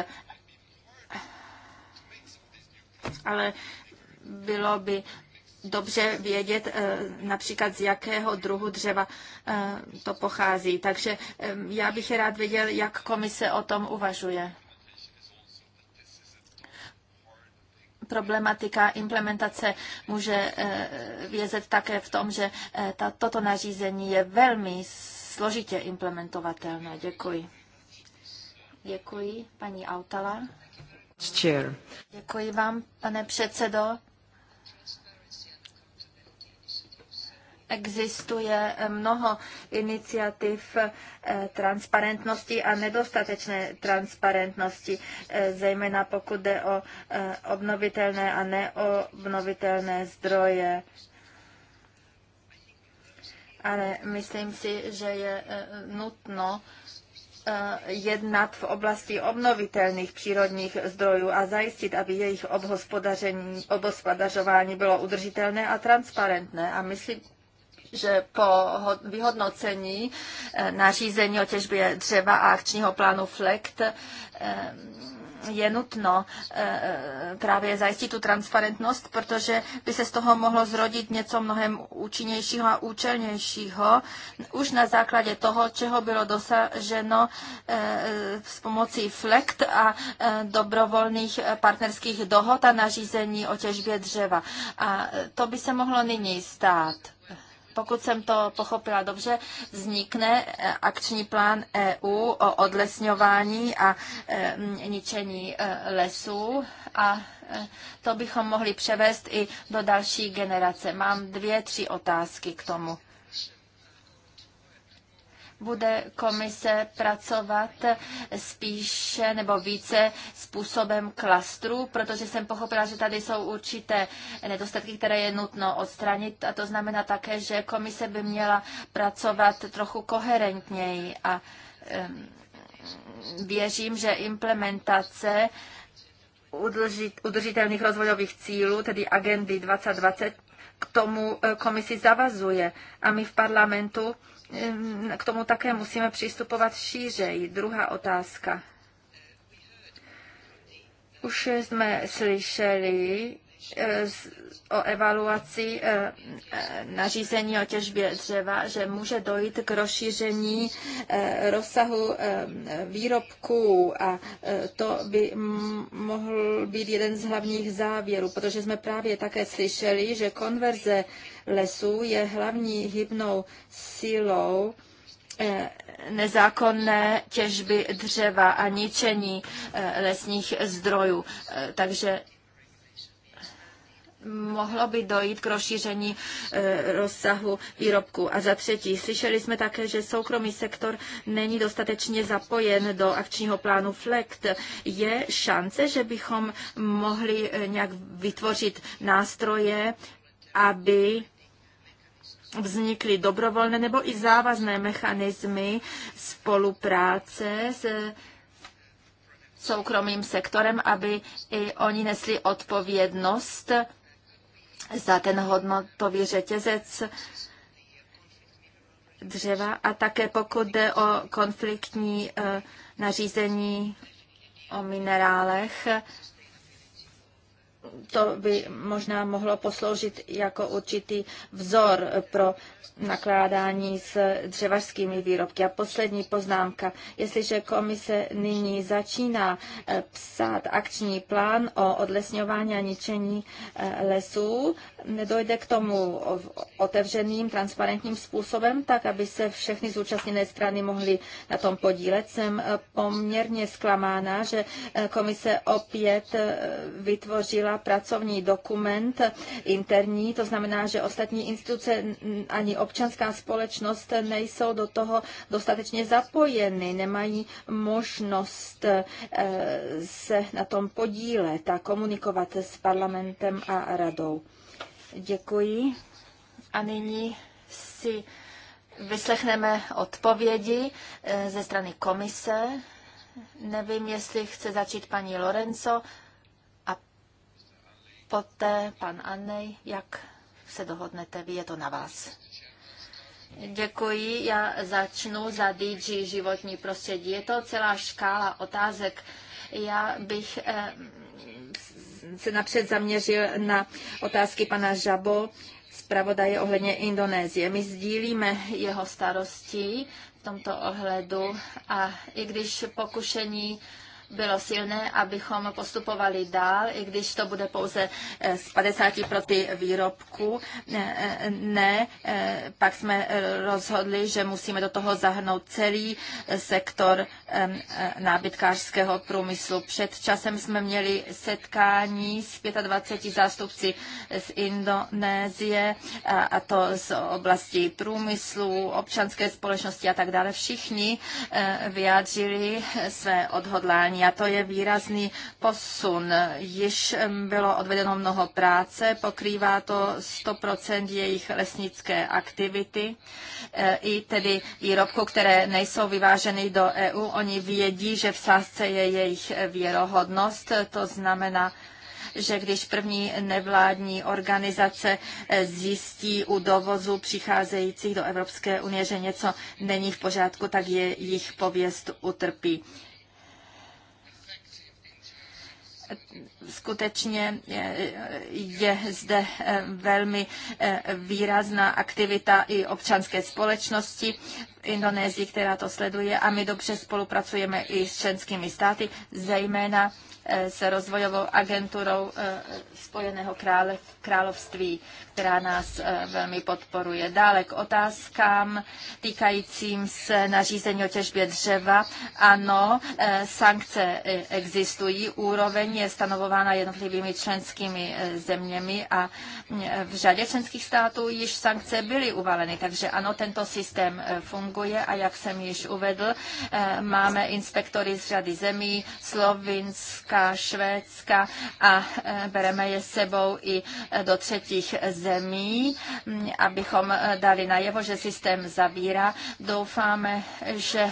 Ale bylo by dobře vědět eh, například z jakého druhu dřeva eh, to pochází. Takže eh, já bych rád věděl, jak komise o tom uvažuje. problematika implementace může vězet také v tom, že toto nařízení je velmi složitě implementovatelné. Děkuji. Děkuji, paní Autala. Děkuji vám, pane předsedo. existuje mnoho iniciativ eh, transparentnosti a nedostatečné transparentnosti, eh, zejména pokud jde o eh, obnovitelné a neobnovitelné zdroje. Ale myslím si, že je nutno jednat v oblasti obnovitelných přírodních zdrojů a zajistit, aby jejich obhospodařování bylo udržitelné a transparentné. A myslím že po vyhodnocení eh, nařízení o těžbě dřeva a akčního plánu FLECT eh, je nutno eh, právě zajistit tu transparentnost, protože by se z toho mohlo zrodit něco mnohem účinnějšího a účelnějšího už na základě toho, čeho bylo dosaženo s pomocí FLECT a dobrovolných partnerských dohod a nařízení o těžbě dřeva. A to by se mohlo nyní stát pokud jsem to pochopila dobře, vznikne eh, akční plán EU o odlesňování a eh, ničení eh, lesů a to bychom mohli převést i do další generace. Mám dvě, tři otázky k tomu bude komise pracovat spíše nebo více způsobem klastru, protože jsem pochopila, že tady jsou určité nedostatky, které je nutno odstranit a to znamená také, že komise by měla pracovat trochu koherentněji a věřím, že implementace udržitelných rozvojových cílů, tedy agendy 2020, k tomu eh, komisi zavazuje. A my v parlamentu k tomu také musíme přistupovat šířej. Druhá otázka. Už jsme slyšeli eh, o evaluaci eh, nařízení o těžbě dřeva, že může dojít k rozšíření eh, rozsahu výrobků a to by mohl být jeden z hlavních závěrů, protože jsme právě také slyšeli, že konverze lesů je hlavní hybnou silou eh, nezákonné těžby dřeva a ničení eh, lesních zdrojů. Eh, takže mohlo by dojít k rozšíření rozsahu výrobku. A za třetí, slyšeli jsme také, že soukromý sektor není dostatečně zapojen do akčního plánu FLECT. Je šance, že bychom mohli nějak vytvořit nástroje, aby vznikly dobrovolné nebo i závazné mechanismy spolupráce s soukromým sektorem, aby i oni nesli odpovědnost za ten hodnotový řetězec dřeva a také pokud jde o konfliktní eh, nařízení o minerálech, to by možná mohlo posloužit jako určitý vzor pro nakládání s dřevařskými výrobky. A poslední poznámka. Jestliže komise nyní začíná eh, psát akční plán o odlesňování a ničení eh, lesů, nedojde k tomu otevřeným, transparentním způsobem, tak aby se všechny zúčastněné strany mohly na tom podílet. Jsem eh, poměrně zklamána, že komise opět vytvořila pracovní dokument interní, to znamená, že ostatní instituce ani občanská společnost nejsou do toho dostatečně zapojeny, nemají možnost eh, se na tom podílet a komunikovat s parlamentem a radou. Děkuji. A nyní si vyslechneme odpovědi eh, ze strany komise. Nevím, jestli chce začít paní Lorenzo Poté pan Annej, jak se dohodnete, vy je to na vás. Děkuji, já začnu za DG životní prostředí. Je to celá škála otázek. Já bych eh, se napřed zaměřil na otázky pana Žabo, zpravodaje ohledně Indonésie. My sdílíme jeho starosti v tomto ohledu a i když pokušení bylo silné, abychom postupovali dál, i když to bude pouze eh, z 50 pro ty výrobku. Ne, eh, eh, pak jsme rozhodli, že musíme do toho zahrnout celý sektor nábytkářského průmyslu. Před časem jsme měli setkání s 25 zástupci z Indonésie, a to z oblasti průmyslu, občanské společnosti a tak dále. Všichni vyjádřili své odhodlání vzdělávání a to je výrazný posun. Již bylo odvedeno mnoho práce, pokrývá to 100% jejich lesnické aktivity e, i tedy výrobku, které nejsou vyváženy do EU. Oni vědí, že v sázce je jejich věrohodnost, to znamená, že když první nevládní organizace e, zjistí u dovozu přicházejících do Evropské unie, že něco není v pořádku, tak je jich pověst utrpí skutečně je zde eh, velmi eh, výrazná aktivita i občanské společnosti v Indonésii, která to sleduje a my dobře spolupracujeme i s členskými státy, zejména eh, s rozvojovou agenturou Spojeného království která nás eh, velmi podporuje. Dále k otázkám týkajícím se nařízení o těžbě dřeva. Ano, eh, sankce eh, existují, úroveň je stanovována jednotlivými členskými zeměmi a mm, v řadě členských států již sankce byly uvaleny, takže ano, tento systém funguje a jak jsem již uvedl, máme inspektory z řady zemí, Slovinska, Švédska a bereme je sebou i do třetích zemí zemí, abychom e, dali najevo, že systém zavírá. Doufáme, že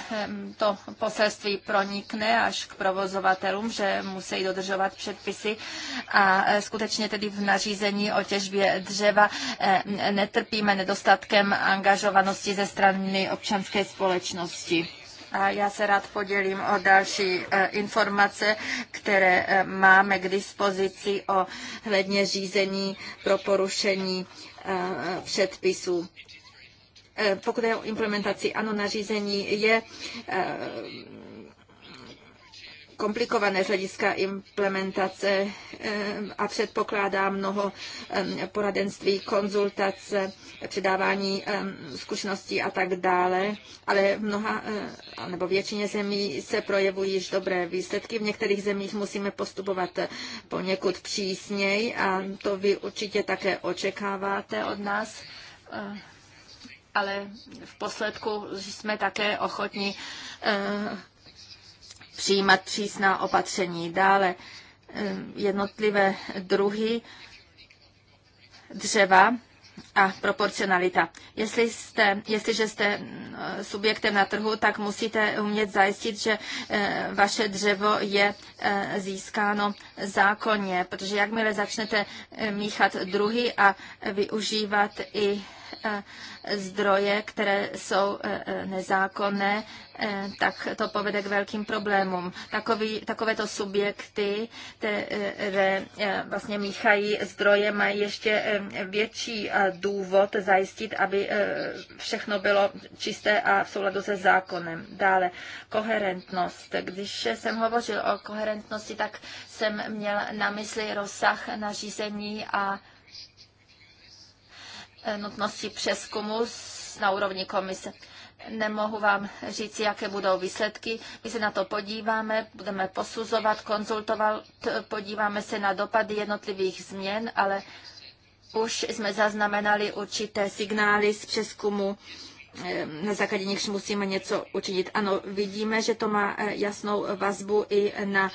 to poselství pronikne až k provozovatelům, že musí dodržovat předpisy a e, skutečně tedy v nařízení o těžbě dřeva e, netrpíme nedostatkem angažovanosti ze strany občanské společnosti. A já se rád podělím o další eh, informace, které eh, máme k dispozici o hledně řízení pro porušení eh, předpisů pokud je o implementaci, ano, nařízení je komplikované z hlediska implementace a předpokládá mnoho poradenství, konzultace, předávání zkušeností a tak dále, ale v mnoha nebo většině zemí se projevují již dobré výsledky. V některých zemích musíme postupovat poněkud přísněji a to vy určitě také očekáváte od nás eh, ale v posledku jsme také ochotni eh, přijímat přísná opatření. Dále eh, jednotlivé druhy dřeva a proporcionalita. Jestli jste, jestliže jste eh, subjektem na trhu, tak musíte umět zajistit, že eh, vaše dřevo je získáno zákonně, protože jakmile začnete míchat druhy a využívat i zdroje, které jsou e, e, nezákonné, e, tak to povede k velkým problémům. Takový, takovéto subjekty, které vlastně míchají zdroje, mají ještě větší důvod zajistit, aby všechno bylo čisté a v souladu se zákonem. Dále, koherentnost. Když jsem hovořil o koherentnosti, tak jsem měl na mysli rozsah nařízení a Eh, nutnosti přeskumu na úrovni komise. Nemohu vám říct, jaké budou výsledky. My se na to podíváme, budeme posuzovat, konzultovat, podíváme se na dopady jednotlivých změn, ale už jsme zaznamenali určité signály z přeskumu, eh, na základě nichž musíme něco učinit. Ano, vidíme, že to má eh, jasnou vazbu i na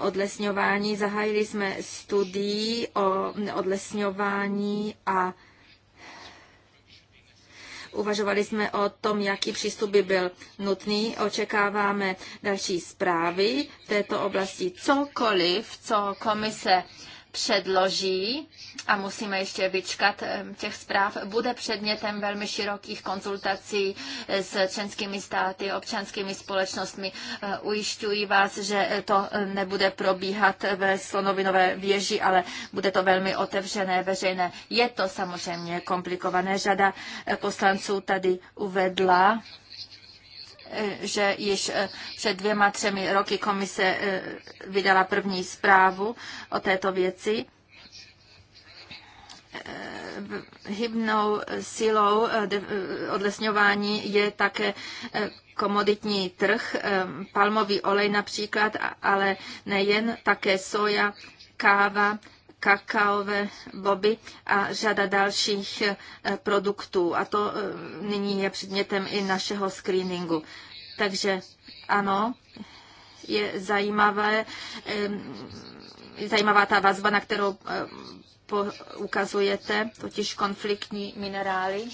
odlesňování. Zahájili jsme studii o odlesňování a Uvažovali jsme o tom, jaký přístup by byl nutný. Očekáváme další zprávy v této oblasti. Cokoliv, co komise předloží a musíme ještě vyčkat eh, těch zpráv, bude předmětem velmi širokých konzultací s členskými státy, občanskými společnostmi. Eh, ujišťuji vás, že to eh, nebude probíhat ve slonovinové věži, ale bude to velmi otevřené, veřejné. Je to samozřejmě komplikované. Řada poslanců tady uvedla že již eh, před dvěma, třemi roky komise eh, vydala první zprávu o této věci. Eh, hybnou silou odlesňování je také komoditní trh, palmový olej například, ale nejen, také soja, káva, kakaové boby a řada dalších eh, produktů. A to eh, nyní je předmětem i našeho screeningu. Takže ano, je zajímavé, zajímavá ta vazba, na kterou eh, ukazujete, totiž konfliktní minerály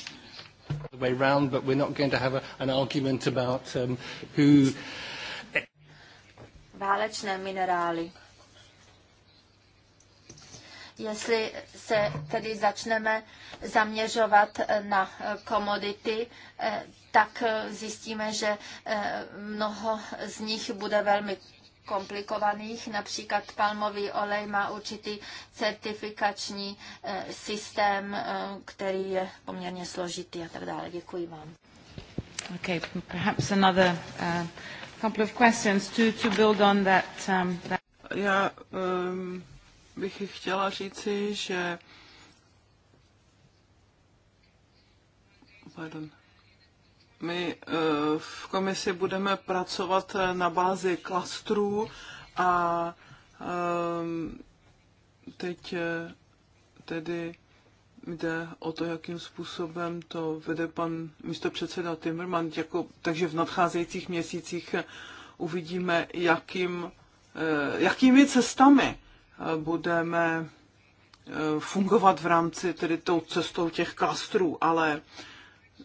way round, but we're not going to have an argument about um, who. Válečné minerály jestli se tedy začneme zaměřovat na komodity, eh, tak eh, zjistíme, že eh, mnoho z nich bude velmi komplikovaných. Například palmový olej má určitý certifikační systém, který je poměrně složitý a tak dále. Děkuji vám. Okay, perhaps another uh, couple of questions to, to build on that. Um, that... Yeah, um, bych chtěla říci, že pardon, my eh, v komisi budeme pracovat na bázi klastrů a ehm, teď eh, tedy jde o to, jakým způsobem to vede pan předseda Timmerman. Jako, takže v nadcházejících měsících uvidíme, jakým, eh, jakými cestami budeme eh, fungovat v rámci tedy tou cestou těch klastrů, ale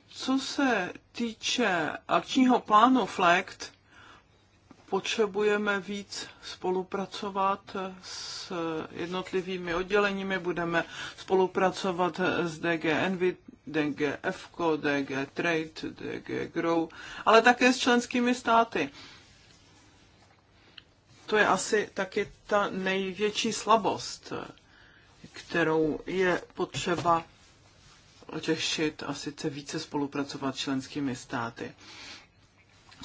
co se týče akčního plánu FLECT, potřebujeme víc spolupracovat s jednotlivými odděleními, budeme spolupracovat s DG Envy, DG EFCO, DG Trade, DG Grow, ale také s členskými státy to je asi taky ta největší slabost, kterou je potřeba řešit a sice více spolupracovat s členskými státy.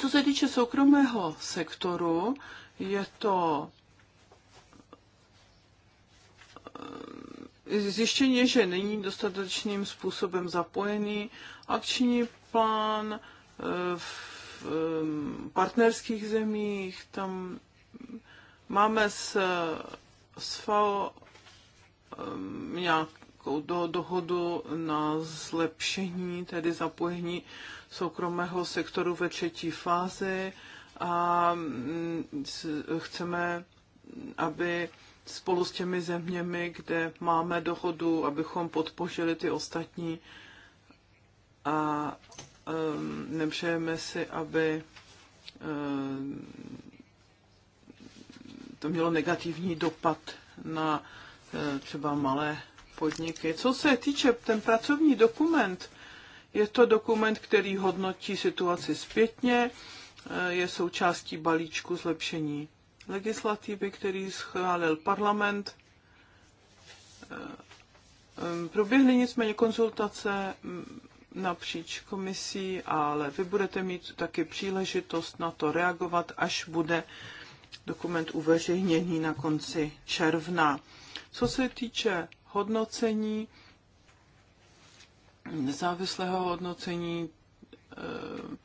Co se týče soukromého sektoru, je to eh, zjištění, že není dostatečným způsobem zapojený akční plán eh, v eh, partnerských zemích, tam máme s, s FAO um, nějakou do, dohodu na zlepšení, tedy zapojení soukromého sektoru ve třetí fázi a mm, chceme, aby spolu s těmi zeměmi, kde máme dohodu, abychom podpořili ty ostatní a um, nepřejeme si, aby um, to mělo negativní dopad na eh, třeba malé podniky. Co se týče ten pracovní dokument, je to dokument, který hodnotí situaci zpětně, eh, je součástí balíčku zlepšení legislativy, který schválil parlament. Eh, proběhly nicméně konzultace mm, napříč komisí, ale vy budete mít taky příležitost na to reagovat, až bude dokument uveřejněný na konci června. Co se týče hodnocení, nezávislého hodnocení, eh,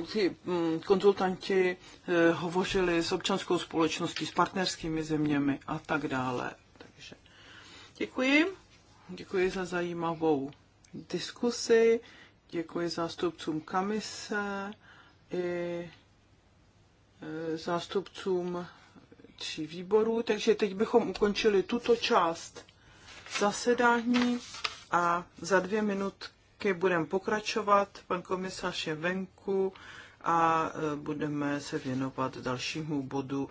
eh, ty hm, konzultanti eh, hovořili s občanskou společností, s partnerskými zeměmi a tak dále. Takže děkuji. Děkuji za zajímavou diskusi. Děkuji zástupcům kamise i Eh, zástupcům tří výborů. Takže teď bychom ukončili tuto část zasedání a za dvě minutky budeme pokračovat. Pan komisař je venku a eh, budeme se věnovat dalšímu bodu